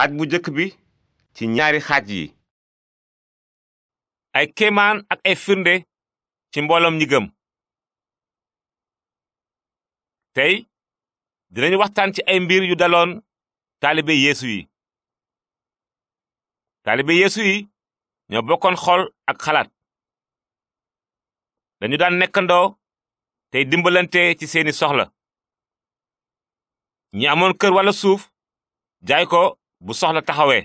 xaaj bu njëkk bi ci ñaari xaaj yi ay kéemaan ak ay firnde ci mbooloom ñi gëm tey dinañu waxtaan ci ay mbir yu daloon taalibe yéesu yi taalibe yéesu yi ñoo bokkoon xool ak xalaat dañu daan nekkandoo tey dimbalante ci seeni soxla ñi amoon kër walla suuf jaay bu soxla taxawee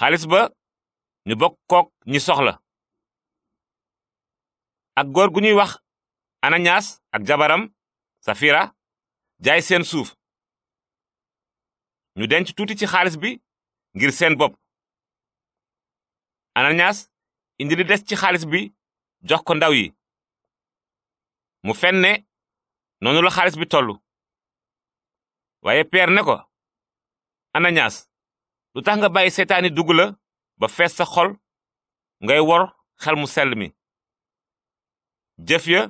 xaalis ba ñu bokk kook ñi soxla ak góor gu ñuy wax anañaas ak jabaram safira jaay seen suuf ñu denc tuuti ci xaalis bi ngir seen bopp ananias indi li des ci xaalis bi jox ko ndaw yi mu fen ne noonu la xaalis bi tollu waaye Pierre ne ko anañas lu tax nga bàyyi seytaani dugg la ba fees sa xol ngay wor xel mu sel mi jëf ya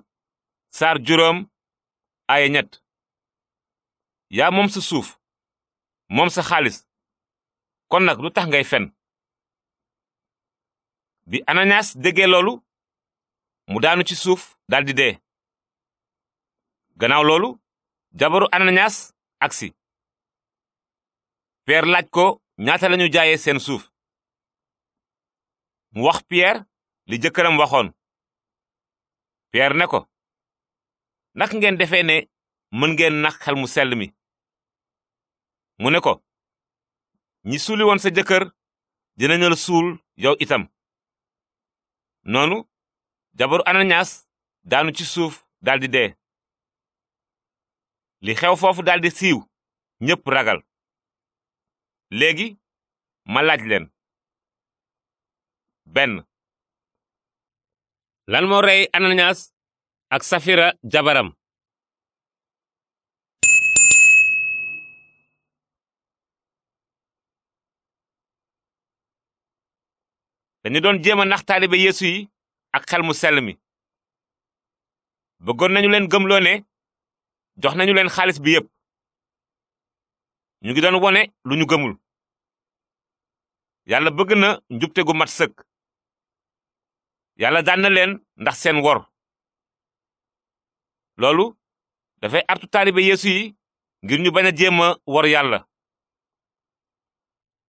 saar juróom aaye ñett yaa moom sa suuf moom sa xaalis kon nag lu tax ngay fen bi anañas déggee loolu mu daanu ci suuf daldi dee gannaaw loolu jabaru anañas agsi Pierre laaj ko ñaata lañu jaaye seen suuf mu wax Pierre li jëkkëram waxoon Pierre ne ko nak ngeen defee ne mën ngeen nax xel mu sell mi mu ne ko ñi suuli woon sa jëkkër dinañu la suul yow itam noonu jabaru anañaas daanu ci suuf daldi dee li xew foofu daldi siiw ñépp ragal léegi ma laaj benn lan moo rey ananias ak safira jabaram dañu doon jéem a nax taalibe yeesu yi ak xel mu sell mi bëggoon nañu leen gëmloo ne jox nañu leen xaalis bi yépp ñu ngi doon wone lu ñu gëmul yàlla bëgg na njubte gu mat sëkk yàlla daan na leen ndax seen wor loolu dafay artu taalibe yeesu yi ngir ñu bañ a jéem a wor yàlla